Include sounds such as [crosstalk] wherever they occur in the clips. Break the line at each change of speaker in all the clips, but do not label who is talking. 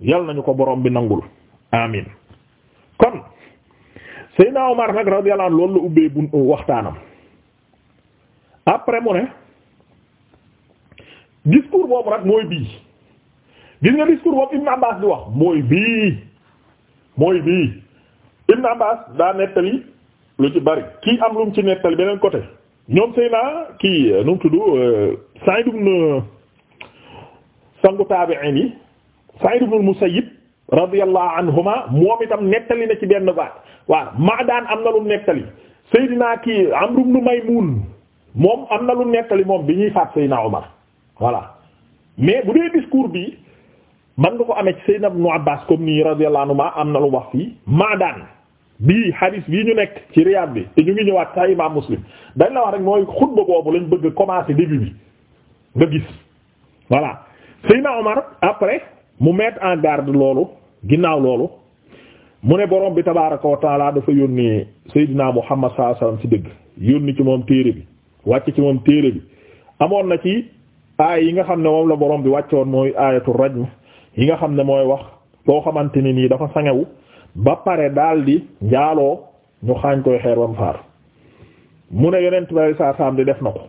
yal nañu ko boroom bi nangul amin kon Seydina Omar nag radiyallahu anhu loolu la ubbee bu waxtaanam après mu ne discours boobu rek mooy bii gis nga discours boobu Ibn Abbas di wax mooy bii mooy bii Ibn Abbas daa nettali lu ci bari kii am lu mu ci nettali beneen côté ñoom Seydina kii nu mu tudd euh, Sa'id ibn sangu tabi'in yi Sa'id ibn al-Musayyib radiyallahu anhuma moom itam nettali na ci benn baat waaw Ma'daan am na lu nettali Seydina kii Amr ibn Maymun moom am na lu nettali moom bi ñuy faat Seydina Omar voilà mais bu dee discours bi man nga ko amee ci Seydina ibn Abbas comme nii radiyallahu am na lu wax fii Ma'daan bii hadis bii ñu nekk ci Riyad bi te ñu ngi ñëwaat sa Muslim dañ la wax rek mooy xutba boobu lañ bëgg commencer début bi nga gis voilà Seydina Omar après. mu met en garde loolu ginnaaw loolu mu ne boroom bi tabaaraka wa taala dafa yónni Seydina Muhammad sallallahu alayhi wasallam si dëgg yónni ci moom téere bi wàcc ci moom téere bi amoon na ci aay yi nga xam ne moom la boroom bi wàccoon mooy aayatu rajm yi nga xam ne mooy wax loo xamante ni nii dafa sangewu ba pare daal di njaaloo ñu xaañ koy xeer bam faar mu ne yeneen bi saa saam di def na ko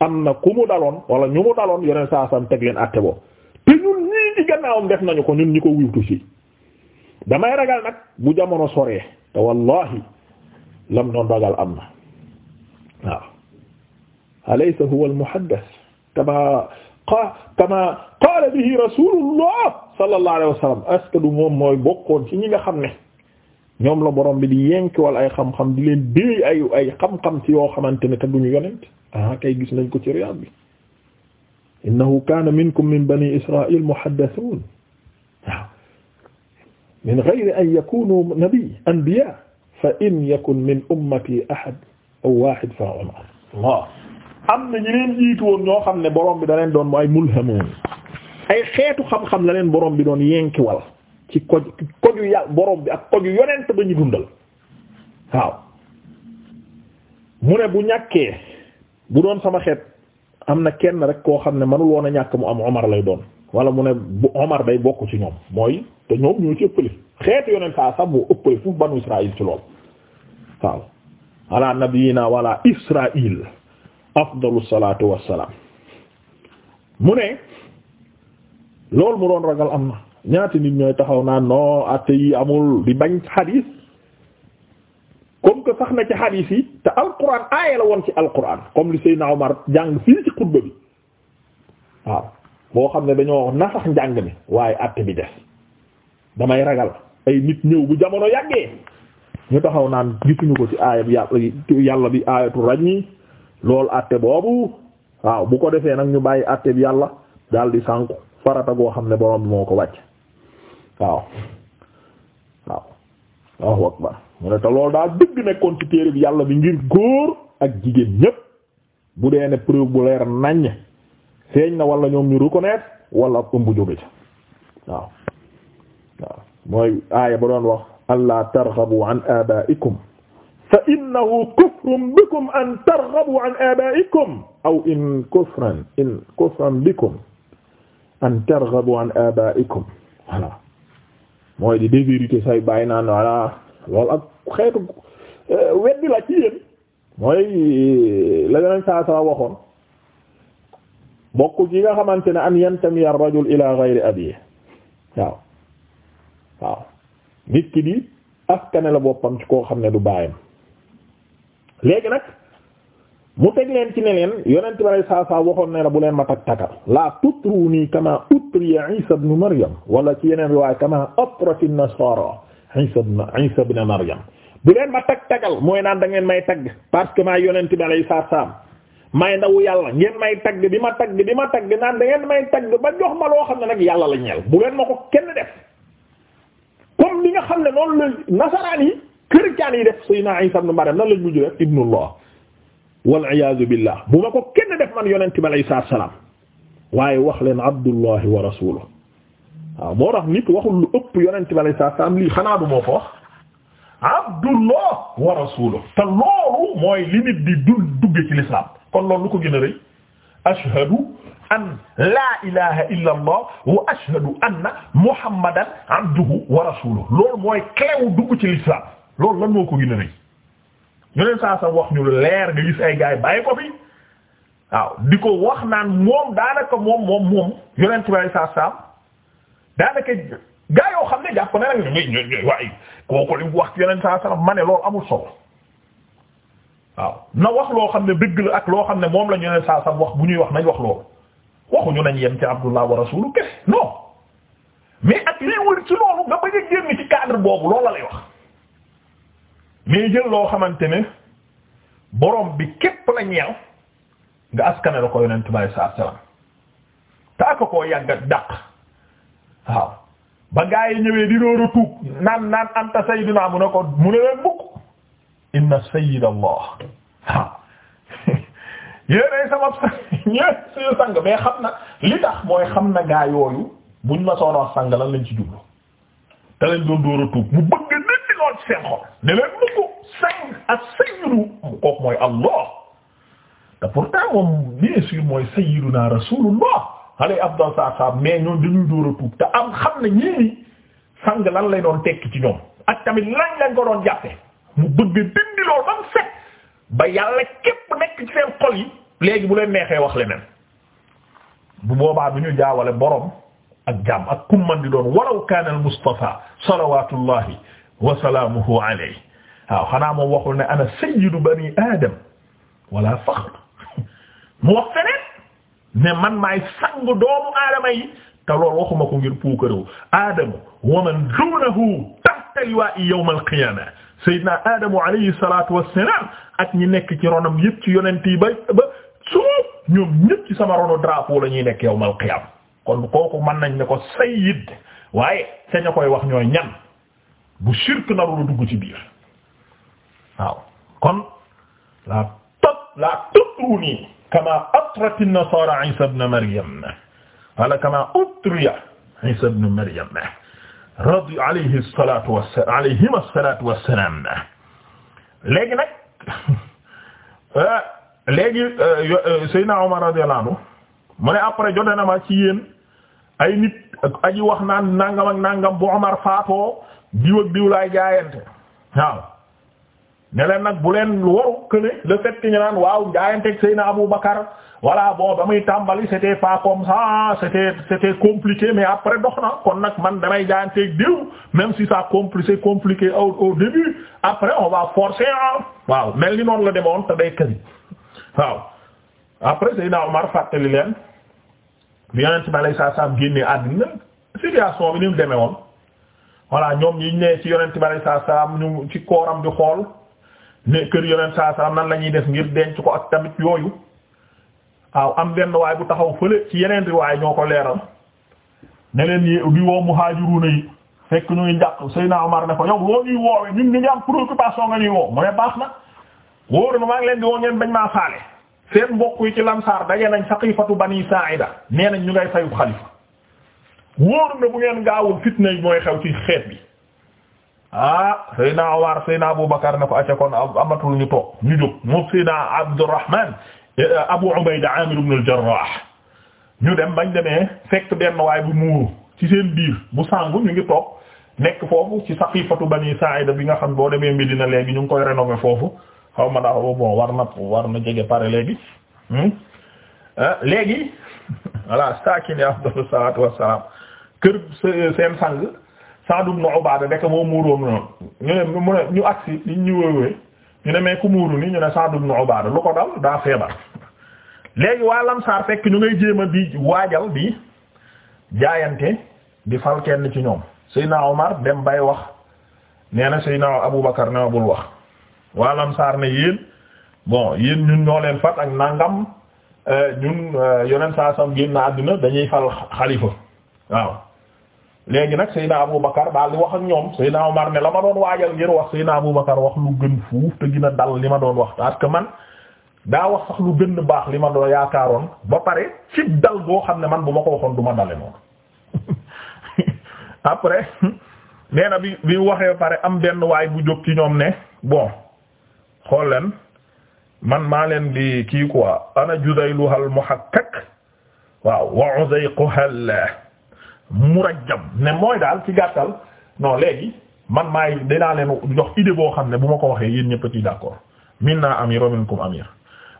am na ku mu daloon wala ñu mu daloon yeneen saa teg leen àtte bo ci gannaawam def nañu ko ñun ñi ko wiwtu ci damay ragal nag bu jamono soree te wallahi lam noon ragal am na waaw alaysa huwa almuhaddas kama kama qaala bihi rasulullah sallallahu alayhi wa sallam est du moom mooy bokkoon ci ñi nga xam ne ñoom la borom bi di wal ay xam-xam di leen déey ay ay xam-xam ci yoo xamante ne te duñu yonent ah kay gis nañ ko ci Riyad bi innahu kaana minkum min bani israil muhaddathuun waaw min ghayri an yakunu nabi anbiya fa in yakun min ummati ahad aw wahid fa Umar Allah am na ñi leen jiitu woon ñoo xam ne borom bi da leen doon mooy mulhamuun ay xeetu xam-xam la leen borom bi doon yenkiwal ci koj koju yàlla borom bi ak koju yonent ba ñu dundal waaw mu ne bu ñàkkee bu doon sama xeet am na kenn rek koo xam ne manul woon a ñàkk mu am Omar lay doon wala mu ne bu Omar day bokk ci ñoom mooy te ñoom ñoo ci ëppale xeetu yoneen saa sax ëppale fu banu Israël ci lool waaw ala nabiyina wala Israël afdalu salaatu wassalaam mu ne loolu mu doon ragal am na ñaata nit ñooy taxaw naan non atte yi amul di bañ xadiis comme que sax na ci xadiis yi te alquran aaya la woon ci alquran comme li Seydina Omar jàng fii ci xutba bi waaw boo xam ne dañoo nasax njàng mi waaye àtte bi des damay ragal ay nit ñëw bu jamono yàggee ñu taxaw naan gisuñu ko ci aaya bi yàlla bi aayatu ràññi loolu àtte boobu waaw bu ko defee nag ñu bàyyi àtte bi yàlla daal di sànku farata goo xam ne borom bi moo ko wàcc waaw waaw mu te loolu daal dëgg nekkoon ci téere bi yàlla bi ngir góor ak jigéen ñépp bu dee ne preuve bu leer naññ feeñ na wala ñoom ñu reconnaître wala ab ëmb jóge ca waaw waaw mooy aaya ba doon wax allah targhabu an abaikum fa innahu kufrun bikum an targhabu an abaikum aw mooy di dévérité say bàyyi naan voilà loolu ak xeetu euh, weddi la ci yéen mooy euh, la yeneen saa saa waxoon bokk ci nga xamante ne an yantami ar-rajul ila ghayri abiy waaw waaw nit ki di askane la boppam ci koo xam ne du baayam léegi nag mu teg leen ci ne leen yonent bi saa saa waxoon ne la bu leen ma tak takal la tutruni kama utriya Isa ibn Maryam wala ci yeneen riwaay kama utrati nasara Isa ibn Isa ibn Maryam bu leen ma tag tagal mooy naan da ngeen may tagg parce que maa yonent bi alayhi salaam may ndawu yàlla ngeen may tagg bi ma tagg bi ma tagg naan da ngeen may tagg ba jox ma loo xam ne nag yàlla la ñeel bu leen ma ko kenn def comme li nga xam ne noonu la nasaraan yi chrétiens yi def Seydina Isa ibn Maryam nan lañ mujj def ibnullah wal iyaazu billah bu ma ko kenn def man yonent bi alayhi salaam waaye wax leen abdullahi wa rasuluhu waaw moo tax nit waxul lu ëpp yonent bi alayhi salaam lii xanaa du moo ko wax abdullah wa rasuluhu te loolu mooy li nit di dul dugge ci l'islam kon loolu lu ko gën a rëy ashhadu an laa ilaha illa allah wa ashhadu anna muhammadan abduhu wa loolu mooy clé dugg ci l'islam loolu lan moo ko gën a rëy yonent saa wax ñu leer nga ay gay bàyyi ko fi waaw di ko wax naan moom daanaka moom moom moom yonent bi salaam daanaka gaa yoo xam ne jàpp ne nag ñoom ñooy ñooy waaye kooku wax ci yeneen saa salaam ma ne loolu amul solo waaw na wax loo xam ne dëgg la ak loo xam ne moom la ñu yeneen saa salaam wax bu ñuy wax nañ wax loolu waxuñu nañ yem ci abdullah wa rasulu kese non mais ak léewal ci loolu nga bañ a génn ci cadre boobu loolu la lay wax mais jël loo xamante ni boroom bi képp la ñeew nga askane la ko yonent bi sa alayhi wasallam taaka koo yàgga dàq waaw ba gaa yi ñëwee di door a tuub naan naan anta sayyiduna mu ne ko mu ne leen mukk inna sayyidallah waaw [laughs] yéenay sama sang mais xam na li tax mooy xam na gaa yooyu buñ ma soon wax sang lan lañ ci jublu te lañ door a tuub mu bëgg nit lool seen xol ne leen mukk sang ak sayyidu kooku mooy Allah te pourtant moom bien sûr mooy sayyiduna rasulullah alay abdal sa saab mais ñoom dañuy dóor a tuub am xam ne ñii sang lan lay doon tekki ci ñoom ak tamit lan lañ ko mu bëgg dindi lool ba mu set ba yàlla ci seen xol yi léegi bu leen neexee wax leneen bu boobaa du ñu jaawale borom ak jaam ak kumman di doon walaw kaana al mustafa salawatullahi wa salaamuhu alayhi waaw xanaa moom waxul ne ana sayyidu bani adam wala faxr [laughs] mu wax feneen ne man maay sang doomu aadama yi te loolu waxuma ko ngir puukaru aadamu wa man duunahu tahta liwaa'i yawm al-qiyaama sayyidina aadamu alayhi salaatu wassalaam ak ñi nekk ci ronam yëpp ci yonent yi ba ba ñoom ñëpp ci sama ronu drapeau la ñuy nekk yawm al-qiyaama kon kooku mën nañ ne ko sayyid waaye te ña koy wax ñooy ñan bu shirk naru la dugg ci biir waaw kon la tot la tutruni kama atrat an-nasara Isa ibn Maryam wala kama utriya Isa ibn Maryam radi alayhi salatu wassalam alayhim as-salatu wassalam léegi nag [laughs] léegi euh, Seydina Omar radiyallahu anhu mu ne après jote na ma ci yéen ay nit ak aji wax naan nangam ak nangam bu Omar faatoo diw ak diw laay jaayante waaw ne leen nag bu leen waru que ne le fait que ñu waaw jaayanteeg Seyna Abu Bakar voilà bon ba muy tàmbali c'était pas comme ça c'était c'était compliqué mais après dox na kon nag man damay jaayanteeg diw même si sa compliqué compliqué au au début après on va ah waaw mel ni noonu la demoon te day këri waaw après Seyna Omar fàttali leen bi Yonent bi alayhi salaam génnee àddina situation bi ni mu demee woon voilà ñoom ñi ñu ne ci Yonent bi xool. ne kër yonent saa saa nan la ñuy def ngir denc ko ak tamit yooyu waaw am benn waay bu taxaw fële ci yeneen riwaay ñoo ko leeral ne leen yee di woo muhaajiruuna yi fekk ñuy njàq Seydina Omar ne ko yow woo ñuy woowee ñun ñu ngi am préoccupation nga ñuy woo mu ne baax na wóor na maa ngi leen di woo ngeen bañ maa faale seen mbokk yi ci lamsaar daje nañ saqifatu bani Saa'ida nee nañ ñu ngay fayu xalifa wóor na bu ngeen gaawul fitna mooy xew ci bi. ah Seyna Omar Seyna Aboubacar ne ko acca kon amatul ñu toog ñu jóg moom Seyna Abdourahman eh, Abou Ubayda Amir ibn al ñu dem bañ demee fekk benn waay bu muuru ci seen biir bu sangu ñu ngi toog nekk foofu ci ba Bani Sa'ida bi nga xam boo demee Medina léegi ñu ngi koy rénover foofu xaw ma daal bon war na war na jege pare léegi. Hmm? Eh, léegi [laughs] voilà saa kii ne afdalu salaatu kër seen sang. Sa'd ibn Ubaada nekk moo muuroon noonu ñu ne mu ne ñu agsi ñu wéwee ñu ne mais ku muuru nii ñu ne Sa'd ibn Ubaada lu ko dal daa feebar léegi waa Lamsaar fekk ñu ngay jéem a di waajal di jaayante di fal kenn ci ñoom Seydina Omar dem bay wax nee na Seydina Aboubacar ne ma bul wax waa Lamsaar ne yéen bon yéen ñun ñoo leen fat ak nangam euh, ñun euh, yoneen saa sam génn àddina dañuy fal xalifa waaw léegi nag Seydina Abu Bakar daal di wax ak ñoom Seydina Omar ne la ma doon waajal ngir wax Seydina Abu Bakar wax lu gën fuuf te gina dal li ma doon wax parce que man daa wax sax lu gën baax li ma doon yaakaaroon ba pare ci dal boo xam ne man bu ma ko waxoon du ma dale noonu [laughs] après nee na bi bi waxee pare am benn waay bu jóg ci ñoom ne bon xool leen man maa leen di kii quoi ana judayluhal muhakkak waaw wa uzayquhal murajjam ne mooy daal ci gàttal non léegi man maay dinaa leen jox idée boo xam ne bu ma ko waxee yéen ñëpp ci d'accord minna amir wa minkum amir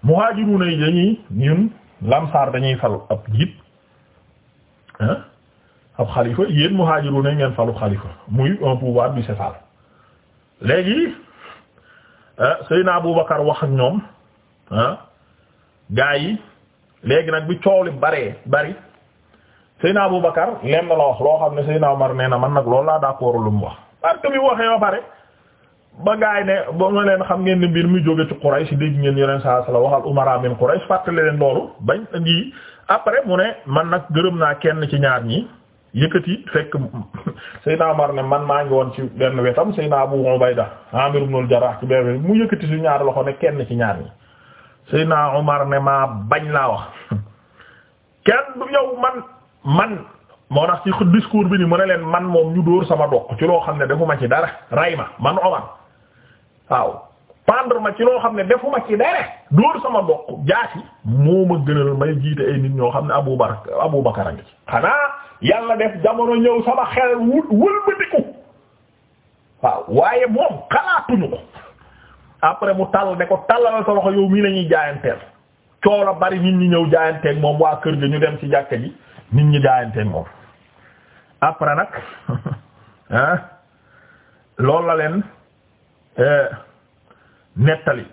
muhajiruna yi dañuy ñun lamsaar dañuy fal ab jiit ah ab xalifa yéen muhajiruna ngeen falu xalifa muy un pouvoir bicéphale léegi Seydina Abubakar wax ak ñoom ah gaa yi léegi nag bi coow li baree bari Seyna Abu Bakar leen la wax loo xam ne Seyna Omar nee na man nag loolu laa mu wax parce que bi waxee ba ne ba ma leen xam ngeen ni mbir mu jóge ci Quraysh dégg ngeen yeneen saa sala waxal umara min Quraysh fàttali leen loolu bañ indi après mu ne man nag gërëm naa kenn ci ñaar ñi yëkkati fekk [laughs] Seyna Omar ne man maa ngi woon ci benn wetam Seyna Abu Ubayda Amir ibn al-Jarrah ci benn mu yëkkati su ñaar loxo ne kenn ci ñaar ñi Seyna Omar ne bañ laa wax [laughs] kenn yow man. man moo tax ci discours bi ni mu ne leen man moom ñu dóor sama doq ci loo xam ne defuma ci dara ray ma man Omar waaw pendre ma ci loo xam ne defuma ci dara dóor sama doq jaasi moo ma gënal may jiite ay nit ñoo xam ne Abu Bakar Abu Bakar a xanaa yàlla def jamono ñëw sama xel wul wëlbatiku waaw waaye moom xalaatuñu ko après mu tàll ne ko tàllal sa loxo yow mii la ñuy jaayanteel coow la bari nit ñi ñëw jaayanteeg moom waa kër ga ñu dem ci jàkka ji nit ñi jaayanteen moom après nag ah [laughs] loolu la leen euh, nettali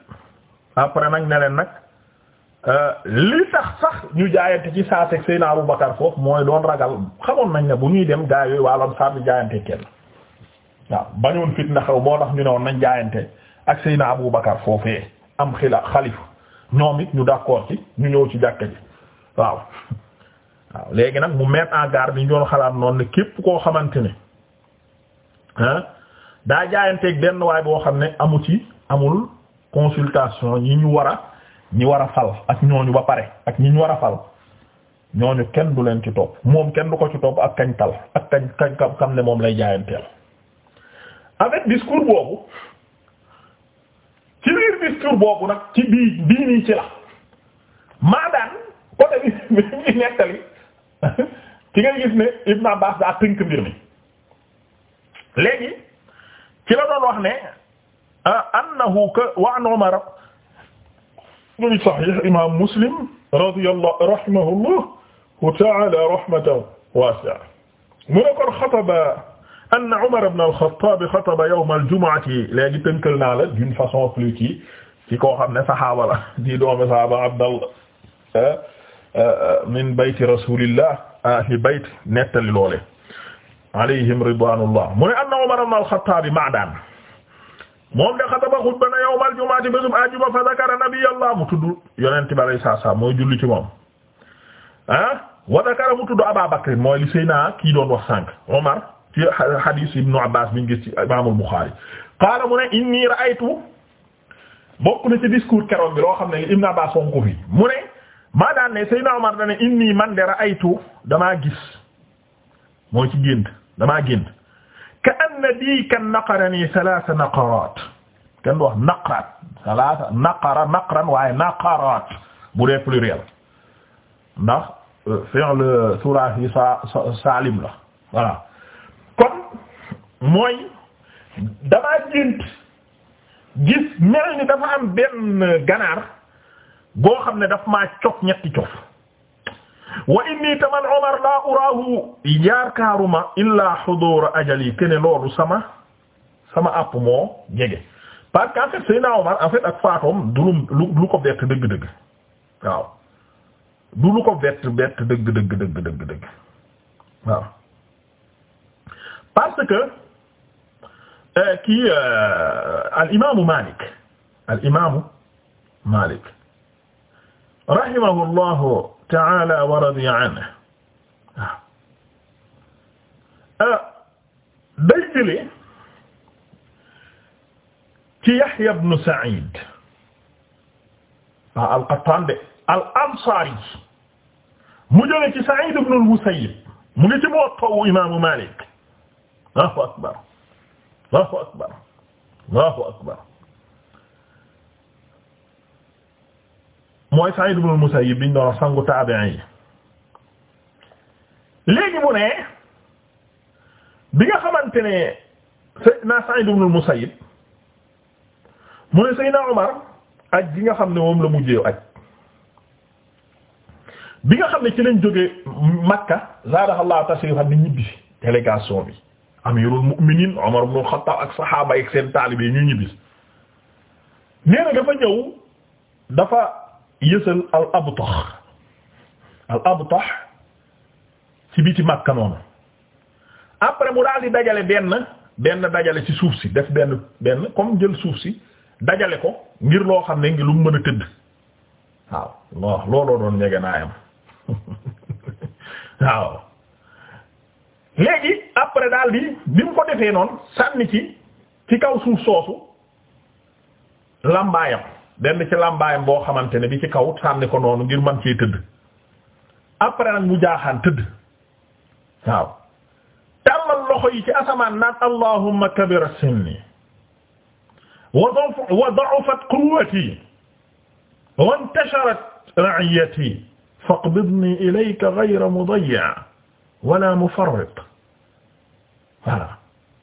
après nag ne leen nag euh, li tax sax ñu jaayante ci saa teg Seydina Abu Bakar foofu mooy doon ragal xamoon nañ ne bu ñuy dem gaa yooyu waa lan sax jaayante kenn waaw bañoon fitna xew boo tax ñu ne woon nañ jaayante ak Seydina Abu Bakar foofee am xila xalifa ñoom it ñu d'accord ci ñu ñëw ci jàkka ji waaw. [laughs] waaw léegi nag mu mettre en garde ñu doon xalaat noonu ne képp koo xamante ne daa jaayanteeg benn waay boo xam ne amu ci amul consultation ñi ñu war a ñi war a fal ak ñooñu ba pare ak ñi ñu war a fal ñooñu kenn du leen ci topp moom kenn du ko ci topp ak kañ tal ak kañ kañ xam ne moom lay jaayanteel. avec discours boobu ci biir discours boobu nag ci bii bii nii ci la maadaan côté bi bi nettali ci ngay gis ne Ibn Abbas daa tënk mbir mi léegi ci la doon wax ne ah, annahu ka wa an Umar ñu sahih imam Muslim radiyallahu rahimahullahu ta'ala rahmatan wasi'a mu ne kon xataba anna Umar ibn al-Khattab xataba yawm al-jumu'ati léegi tënkal naa la d'une façon plus ci ci koo xam ne saxaaba la di doomi saxaaba Abdallah ah. min bayti rasulillah ahli bayt nettali loole alayhim ridwanullah mu ne anna Umar ibn al-Khattab ma'dan moom de xataba xutba na yawmal jumaati bésum ajuma fa zakara nabiyallah mu tudd yonent ba lay saa saa mooy julli ci moom ah wa zakara mu tudd Abaa Bakr mooy li Seyna kii doon wax sànq Omar ci hadis Ibnu Abbaas bi ñu gis ci Imaamul Buxaari qaala mu ne inni ra'aytu bokk na ci discours keroog bi loo xam ne Ibnu Abbaas ko fi mu ne maa daan ne Seydina Omar dane inni man de ra'aytu damaa gis moo ci gént damaa gént ka anna diikan naqarani salaasa naqaraat kenn du wax naqaraat salaasa naqara naqran waaye naqaraat bu dee pluriel ndax euh, fi'l thulathi euh, sa salim la voilà kon mooy damaa gént gis mel ni dafa am benn ganaar boo xam ne dafa ma cof ñetti cof wa inni taman Umar laa uraahu yaakaaruma illaa xuduura ajali kene loolu sama sama àpp moo jege parce que en fait Seydina Omar en ak faatoom du lu lu ko bett dëgg-dëgg waaw du lu ko bett bett dëgg dëgg dëgg waaw parce que euh, kii euh, al imaamu Maalik al rahimahullahu ta'ala wa radiya anhu waaw ah. ah. day jëlee ci Yahya ibn Sa'id wa ah, al-Qattan de al-Ansari mu jëlee ci Sa'id ibn al-Musayyib mu ngi ci Muwatta Imaamu Malik Allahu akbar Allahu akbar Allahu akbar mooy Sa'id ibn Musayyib biñ doon sangu taabi'in yi léegi mu ne bi nga xamante ne Sayyidina Sa'id ibn Musayyib mu ne Sayyidina Umar aj bi nga xam ne moom la mujjee aj bi nga xam ne ci lañ jógee Makka zaadahallahu tashrifan di ñibbi délégation bi amirul mu'minin Umar ibn al ak seen taalibe ñu ñibbi nee dafa ñëw dafa yësal al abtax al abtax ci biti Makka noonu après mu daal di dajale benn benn dajale ci suuf si def benn benn comme jël suuf si dajale ko ngir loo xam ne ngi lu mu mën a tëdd waaw looloo doon ñege naayam [laughs] waaw léegi après daal di bi mu ko defee noonu sànni ci ci kaw suuf soosu lambaayam benn ci làmbaayam boo xamante ne bi ci kaw sànni ko noonu ngir man cee tëdd après nag mu jaaxaan tëdd waaw tàllal loxo yi ci asamaan naan sinni wa da'ufat quwwati wa intasharat ra'iyati faqbidni ilayka ghayra wala mufarrit voilà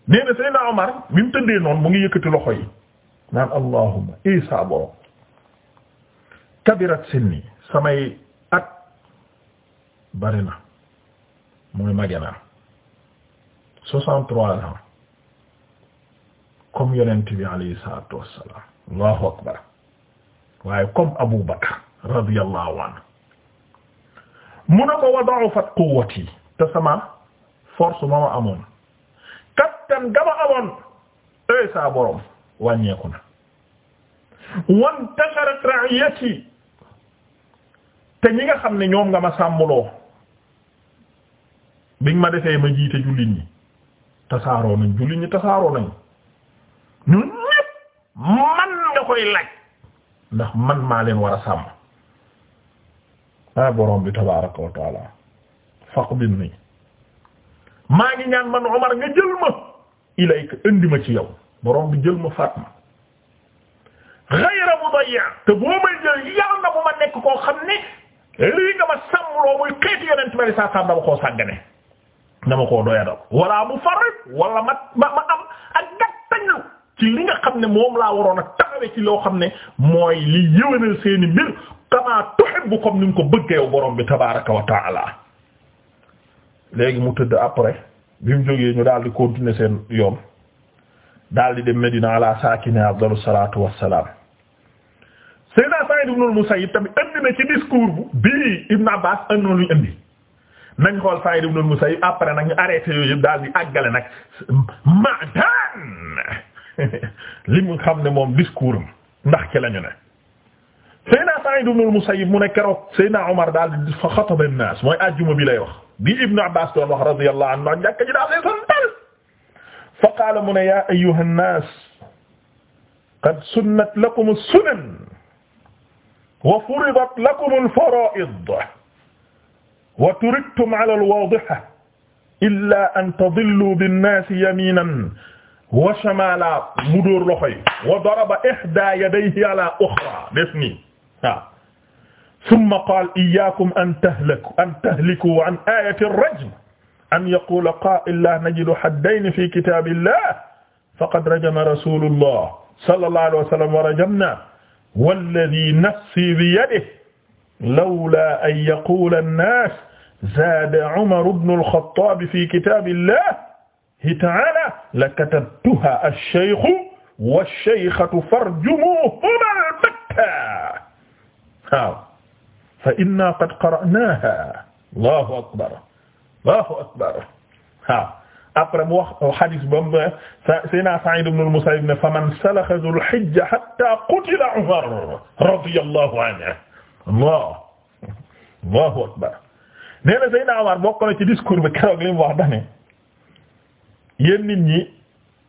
nee na Seydina Omar bi mu tëddee noonu mu ngi yëkkati loxo yi naan allahumma isa eh kabirat sinni samay at bari na mooy mage naa soixante-trois ans comme yonent bi alayhi salaatu wassalaam allahu akbar waaye comme Abu Bakar radiyallahu anhu mu ne ko wa da'ufat quwwati te sama force ma ma amoon kattan gama amoon ey saa borom wàññeeku na wan tasharat ra'iyati te ñi nga xam ne ñoom nga ma sàmmloo bi ma defee ma jiite jullit ñi tasaaroo nañ jullit ñi tasaaroo nañ ñun ñépp man nga koy laaj ndax man maa leen war a sàmm ah borom bi tabaaraka wa taala faqbin nii maa ngi ñaan man Umar nga jël ma ilayka indi ma ci yow borom bi jël ma faat ma ghayra mudayya te boo may jël yàlla na bu ma nekk koo xam ne lii nga ma sàmmloo muy xeeti yonent bari saa saam dama koo sàggane dama koo doyadal walla mu farit ma ma ma am ak gàttañlu ci li nga xam ne moom laa waroon a taxawee ci loo xam ne mooy li yëwénal seeni mbir kama tuhibbu comme ni nga ko bëggee borom bi tabaraka wa léegi mu tëdd après bi mu jógee ñu daal di continuer seen yoon daal di dem Medina ala saakine afdalu salatu wassalam Sa'id ibn al-Musayyib tamit indi na ci discours bu bii Ibn Abbas indi na lu ñu indi nañ xool Sa'id ibn al-Musayyib après nag ñu arrêté yooyu yëpp daal di àggale nag maadaan [laughs] li mu xam ne moom discours am ndax ci lañu ne Seydina Sa'id ibn al-Musayyib mu ne keroog Seydina Omar daal di fa xataba an-naas mooy àjjuma bi lay wax bi Ibn Abbas doon wax radiyallahu anhu ndax jàkk ji daal lay santal fa qaala mu ne yaa ayyuhan naas qad sunnat lakum as-sunan wa furidat lakum al-fara'id wa turiktum ala al-wadiha illa an tadillu bin-nasi yaminan wa shimala mu dóor loxo yi wa daraba ihda yadayhi ala ukhra des nii waaw thumma qala iyyakum an tahlaku an tahliku wa an ayati ar-rajm an yaqula qa'il la najidu haddayn fi kitabillah faqad rajama rasulullah sallallahu alayhi wa sallam wa rajamna walladi nafsi biyadihi lawlaa an yaquula an-naas zaada Umar ibn al-Khattaab fi kitaabillahi ta'aalaa lakatabtuhaa ash-shaykhu wash-shaykhatu farjumuuhumaa al-batta waaw fa innaa qad qara'naahaa Allahu akbar Allahu akbar waaw après mu wax hadis ba mu Seydina Sa'id ibn al-Musayyib ne faman salakha dhul hijja hatta qutila Umar radiyallahu anhu Allah Allahu akbar nee na Seydina Umar bokk na ci discours bi keroog li wax dane yéen nit ñi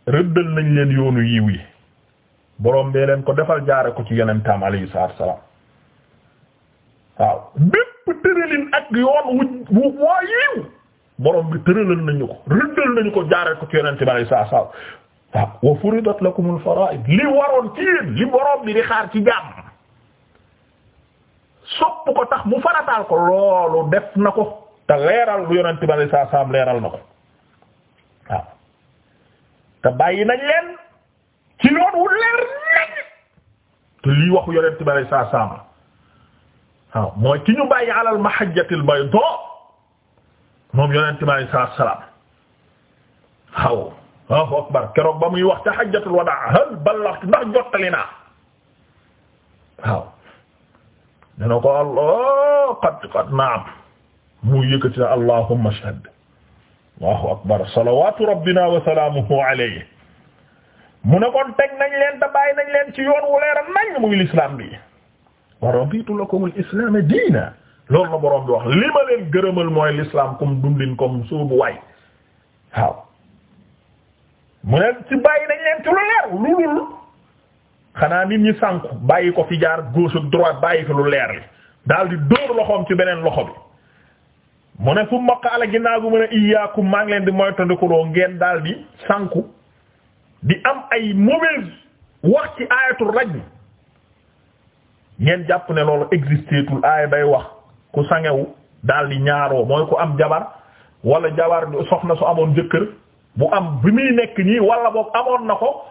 rëddal nañ leen yoonu yiw yi boroom bee leen ko defal jaare ko ci yonentam alayhi salaatu wa salaam waaw ak yoon wu waa borom bi tëralal nañu ko rëddal nañu ko jaaree ko ci yonente bi saa saa waaw wa furidat lakumul fara'id li waroon ci yéen li borom bi di xaar ci jàmm sopp ko tax mu farataal ko loolu def na ko te leeral lu yonente bi saa leeral na ko waaw te bàyyi nañ leen ci loolu leer nañ te lii waxu yonente bi saa saa mooy ci ñu bàyyi alal mahajjatil bayda moom yonent bi alayhi salaatu salaam waaw Allahu akbar keroog ba muy wax ca hajjatul wadaa hal ballaxtu ndax jottali naa waaw dana ko allah qad qad naam mu yëkkati na allahumma ashhad Allahu akbar salawaatu rabbina wa salaamuhu alayhi mu ne kon teg nañ leen te bàyyi nañ leen ci yoon wu leer nañ muy l'islam bi wa raditu lakum al-islaama diina loolu la borom bi wax li ma leen gërëmal mooy l'islam comme dundin comme sóobu waay waaw mu ne ci bàyyi dañ leen ci lu leer lu dul xanaa nit ñi sànku bàyyi ko fi jaar gauche ak bàyyi fi lu leer li daal di dóor loxoom ci beneen loxo bi mu ne fu mokk ala ginnaaw gu mu ne iyaakum maa ngi leen di moytandikuloo ngeen daal di di am ay mauvaise wax ci aayatul rajm ngeen jàpp ne loolu existeetul aaya day wax ku sangewu daal di ñaaroo mooy ku am jabar wala jabar soxna su amoon jëkkër bu am bi muy nekk ñii wala boog amoon na ko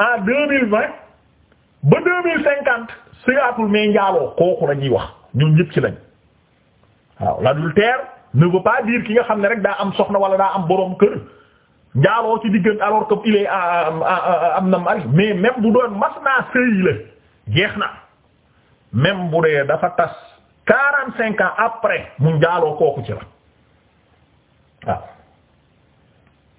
en deux mille vingt ba deux mille cinquante sëyaatul mais njaaloo kooku la ñuy wax ñun ñëpp ci lañ waaw l'adultère ne veut pas dire ki nga xam ne rek daa am soxna wala daa am boroom kër njaaloo ci diggante alors que il euh, euh, euh, am na mari mais même bu doon mas naa sëy jeex na même bu dee dafa tas quarante cinq ans après mu njaaloo kooku ci la waaw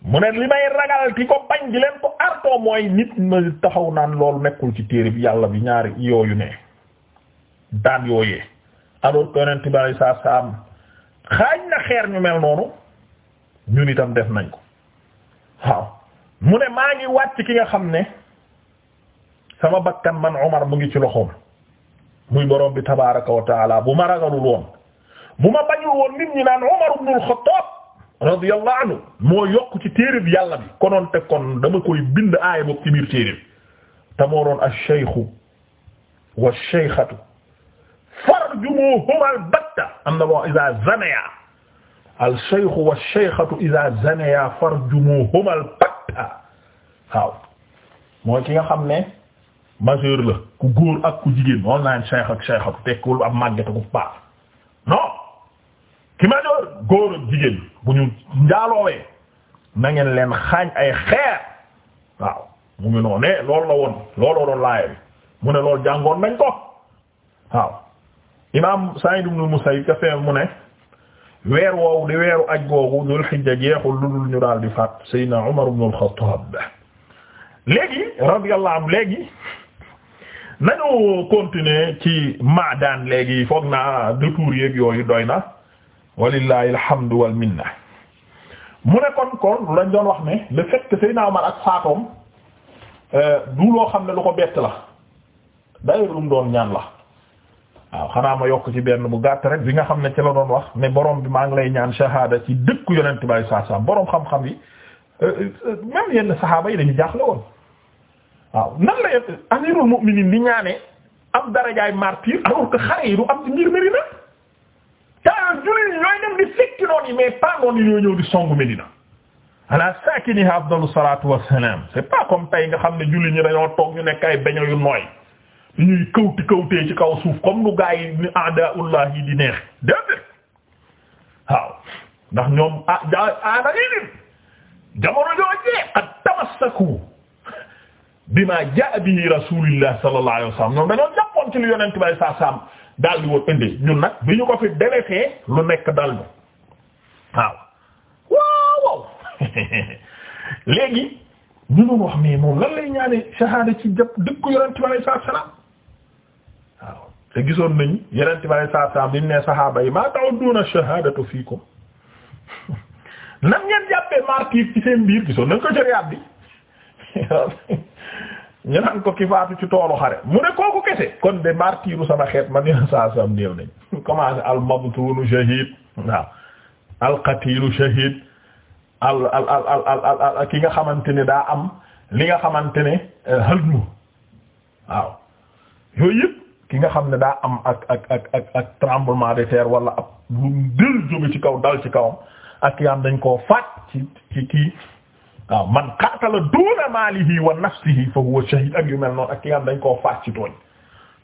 mu ne li may ragal ki ko bañ di leen ko artoo mooy nit ma taxaw naan loolu nekkul ci téere bi yàlla bi ñaari yooyu ne daan yooyee alors que yonent bi alei saatu salaam xaaj na xeer ñu mel noonu ñun itam def nañ ko waaw mu ne maa ngi wàcc ki nga xam ne sama bakkan man Omar mu ngi ci loxoom muy borom bi tabaaraka wa taala bu ma ragalul bu ma bañul woon nit ñi naan Umar ibn al-Khattab radiyallahu anhu moo yokk ci téere bi yàlla bi konoon te kon dama koy bind aaya boobu ci biir téere al-batta am al-shaykhu farjumuhuma al-batta waaw mooy ki nga xam ne majeur la ku góor ak ku jigéen moom naa cheikh ak cheikh ak tekkul ab màgget ak paa non ki majeur góor ak jigéen bu ñu njaaloowee na ngeen leen xaañ ay xeer waaw mu ngi noonu ne eh, la woon looloo doon laaya mu ne lool jàngoon nañ ko waaw imaam Sa'id ibn Musayyib ka fee mu ne weer woowu li weeru ak googu dul xijja jeexul lu dul ñu daal di faat Seydina Umar ibn al-Khattab léegi radiyallahu anhu léegi nañu continuer ci maadaan léegi foog naa détour yeeg yooyu doy na walillahi alhamdu wal minna mu ne kon kon lañ doon wax ne le fait que Seydina Omar ak faatoom euh, du loo xam ne lu ko bett la day lu doon ñaan la waaw xanaa ma yokk ci benn bu gàtt rek bi nga xam ne ci la doon wax ne borom bi maa ngi lay ñaan shahada ci dëkku yonent bi sallallahu alayhi boroom borom xam-xam yi euh, euh, même yenn saxaaba yi dañu jaaxle woon. waaw nan la amirul mu'minin di ñaane am darajaay martyr alors que xare yi du am ngir Medina taa jullit ñooy dem di fekki noon yi mais pas yi ñoo di songu Medina ala sakiniha afdalu salatu wassalam c'est pas comme tay nga xam ne jullit ñi dañoo toog ñu nekk ay beño yu nooy ñuy kawti kawtee ci kaw suuf comme nu gaa yi ni yi di neex déedéet waaw ndax ñoom a aada yi nit jamono joojee ak tamassaku bimaa jaa bihi rasulillah sallallahu alayhi wasallam ñoom dañoo jàppoon ci lu daal di indi ñun nag bi ñu ko fi delefee lu nekk daal ñu waaw waaw waaw [laughs] léegi ñu doon wax mais moom lan lay ñaane shahada ci jàpp dëkku yonent bi alay saa salaam te gisoon nañu yonent bi alay saa salaam bi mu ne saxaaba yi maa ta'udduna shahadatu fiikum [laughs] nan ngeen jàppee martyr ci seen biir gisoon nañ ko ci Riyad [laughs] ñu naan ko ki faatu ci toolu xare mu ne ko kese kon de martiru sama xeet man yéen saa sam néew nañ [laughs] commencé al mabtunu shahid waaw al qatilu shahid al al al al al ki nga xamante ni daa am li nga xamante ne halmu euh, waaw yooyu yëpp ki nga xam ne daa am ak ak ak ak tremblement de terre wala ab lu dël jóge ci kaw dal ci kawam ak yaam dañ koo faat ci ci kii waaw man qatala duna malihi wa nafsihi fa huwa shahid ak yu mel noonu ak ki nga dañ koo faat ci tooñ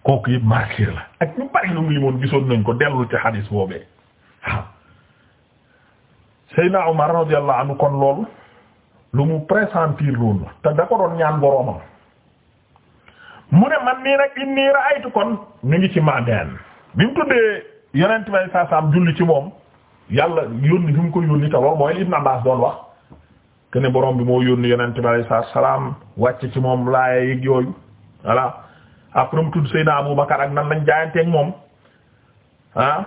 kooku yëpp martyr la ak ñu bari lu mu limoon gisoon nañ ko dellu ci xadis boobee waaw Seydina Umar radiyallahu anhu kon loolu lu mu pressentir loolu la te da ko doon ñaan boroomam mu ne man nii nag inni ra'aytu kon ñu ngi ci Ma'dan bi mu tuddee yonent bay saasaam julli ci moom yàlla yónni bi ko yónni te loolu mooy Ibn Abbas doon wax que ne borom bi moo yónni yonent bi alayhi salaatu salaam wàcc ci moom laaya yëg yooyu voilà après mu tudd Seydina Bakar ak nan lañ jaayanteeg moom ah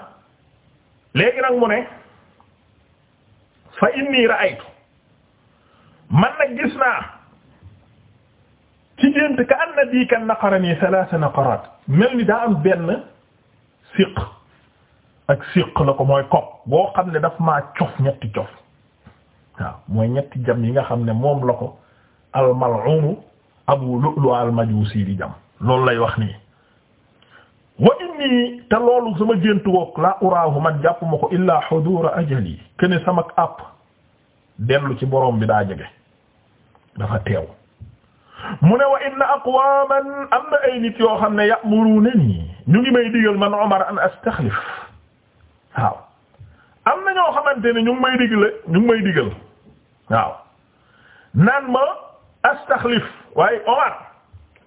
léegi nag mu ne fa inni ra'aytu man nag gis naa ci gént ka anna diika naqarani thalatha naqarat mel ni daa am benn siq ak siq la ko mooy kopp boo xam ne daf maa cof ñetti cof waaw mooy ñetti jam yi nga xam ne moom la ko almal'un abu lu'lu almajusi di jam loolu lay wax nii wa inni te loolu sama géntu woog la uraahu man jàpp ko illaa hudura ajali kene samak àpp dellu ci boroom bi daa jege dafa teew mu ne wa inna aqwaman am na ay nit yoo xam ne ya'murunani ñu ngi may digal man Umar an astaxlif waaw am na ñoo xamante ni ñu ngi may digle ñu ngi may digal waaw naan ma astaxlif waaye Omar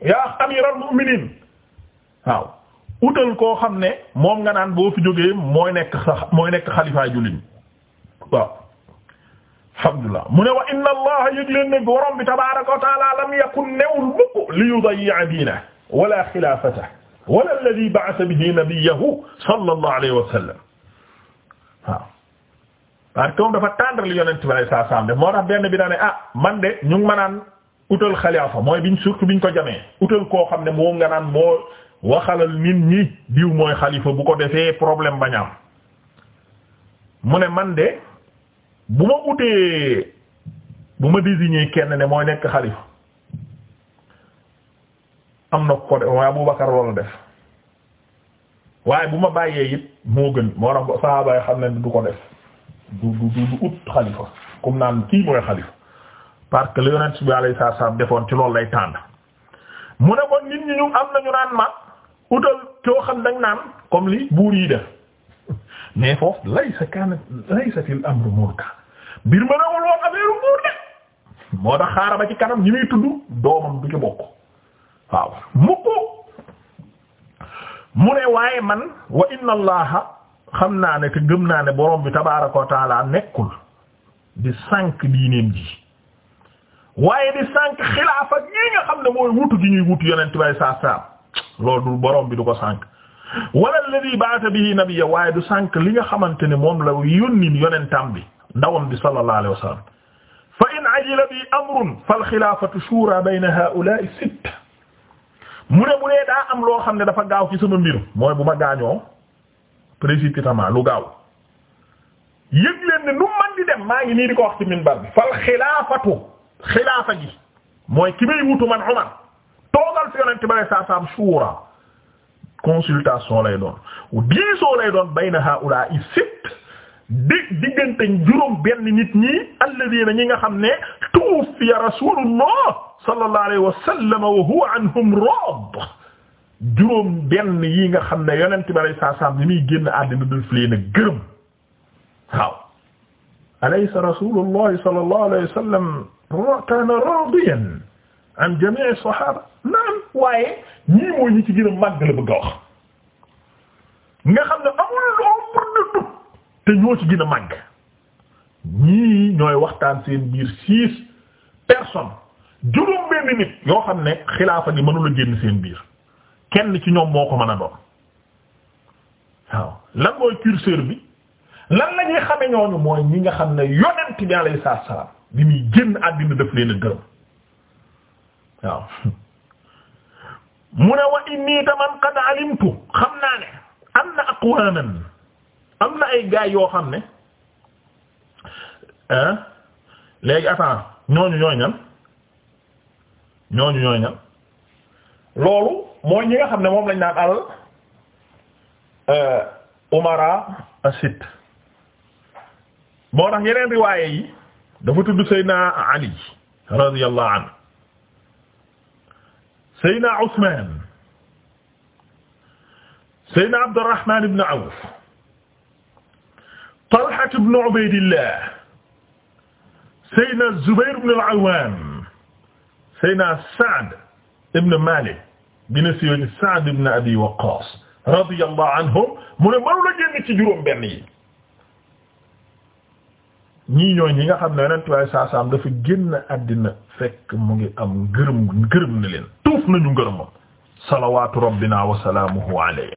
yaa amiral mu'minin waaw utal koo xam ne moom nga naan boo fi jógee mooy nekk sax mooy nekk xalifaay jullit waaw alhamdulillah mu ne wa inna allaha yëg leen ne borom bi tabaaraka wa taala lam yakun newul mukk li yudayyi'a diina wala xilaafata wala alladhi ba'atha bihi nabiyyahu sallallahu alayhi wa sallam waaw parce que moom dafa tàndal yonent bi sallallahu alayhi wasallam def moo tax benn bi daa ne ah man de ñu ngi ma naan utal xalifa mooy biñ surtout biñ ko jamee utal koo xam ne moom nga naan moo waxalal nit ñi diw mooy xalifa bu ko defee problème ba am mu ne man de bu ma utee bu ma désigner kenn ne mooy nekk xalifa am na ko de waaye Abubakar loolu def waaye bu ma bàyyee it moo gën moo tax saxaaba yi xam ne du ko def du du du ut xalifa comme naan kii mooy xalifa parce que li yonent bi alayhi salaam defoon ci loolu lay tànn mu ne kon nit ñi ñu am nañu naan ma utal koo xam dañ naan comme li buur yi def [laughs] mais foofu laysa kaana laysa fil amru mulka mbir ma newul woon affaire buur de moo tax xaaral ba ci kanam ñi muy tudd doomam du ci bokk waaw mukk mu ne waaye man wa inna allaha xam naa ne te gëm naa ne borom bi tabaaraka wa taala nekkul di sànq diineem ji waaye di sànq xilaafa gi nga xam ne mooy wutu gi ñuy wutu yonent bay saa saam loolu du bi du ko sànq wala alladhi ba'atha bihi nabiyya waaye du sànq li nga xamante ne moom la yónni yonentam bi ndawam bi sallallahu alayhi wa sallam bi amrun fal xilaafatu shura bayna ha'ula'i sitt mu ne bu dee daa am loo xam ne dafa gaaw ci sama mbir mooy bu ma gaañoo précipitamment lu gaaw yëg leen ne nu man di dem maa ngi nii di ko wax ci minbar bi fal xilaafatu xilaafa gi mooy ki may wutu man Umar toogal fi yonent ba ne saa saam suura consultation lay doon diisoo lay doon bayna haula i sitt di diggante juróom benn nit ñi alladina ñi nga xam ne tuuf ya rasulullah sallallahu alayhi wa sallam wa huwa raad juróom benn yi nga xam ne yonent bi alayhi salaatu salaam li muy génn àddina dul fi leen a gërëm waaw alaysa rasulullahi sallallahu alayhi wa sallam kaana raadiyan an jamii sahaaba naam waaye ñii mooy ñi ci gën a màgg la bëgg a wax nga xam ne amul loo mën ci gën a màgg ñii ñooy waxtaan seen biir six personnes juróom benn nit ñoo xam ne xilaafa gi mënula génn seen biir kenn ci ñoom moo ko mën a doon waaw lan mooy curseur bi lan la ñuy xame ñooñu mooy ñi nga xam ne yonent bi alayhi salaam bi muy génn àddina daf leen gërëm waaw mu ne wa inni taman qad alimtu xam naa ne am na aqwaman am na ay gaay yoo xam ne léegi attends ñooñu ñooy ñooñu ñooy ñan loolu mooy ñi nga xam ne moom lañ naan al euh, umara asit moo tax yeneen riwaaye yi dafa tudd Seydina Ali radiyallahu anhu Seydina Usmaan Seydina Abdurrahmaan ibn Awf Talha ibn Ubaydillah Seydina Zubayr ibn al-Awwam Seyna Saad ibn Malik dina siiwee Saad ibn Abi Waqqas radiyallahu anhum mu ne mënu la génn ci juróom-benn yi ñii ñooy ñi nga xam ne Yonent bi saa saam dafa génn àddina fekk mu ngi am ngërëm ngërëm na leen tuuf nañu ngërëmam salawaatu rabbina wa salaamuhu alayhi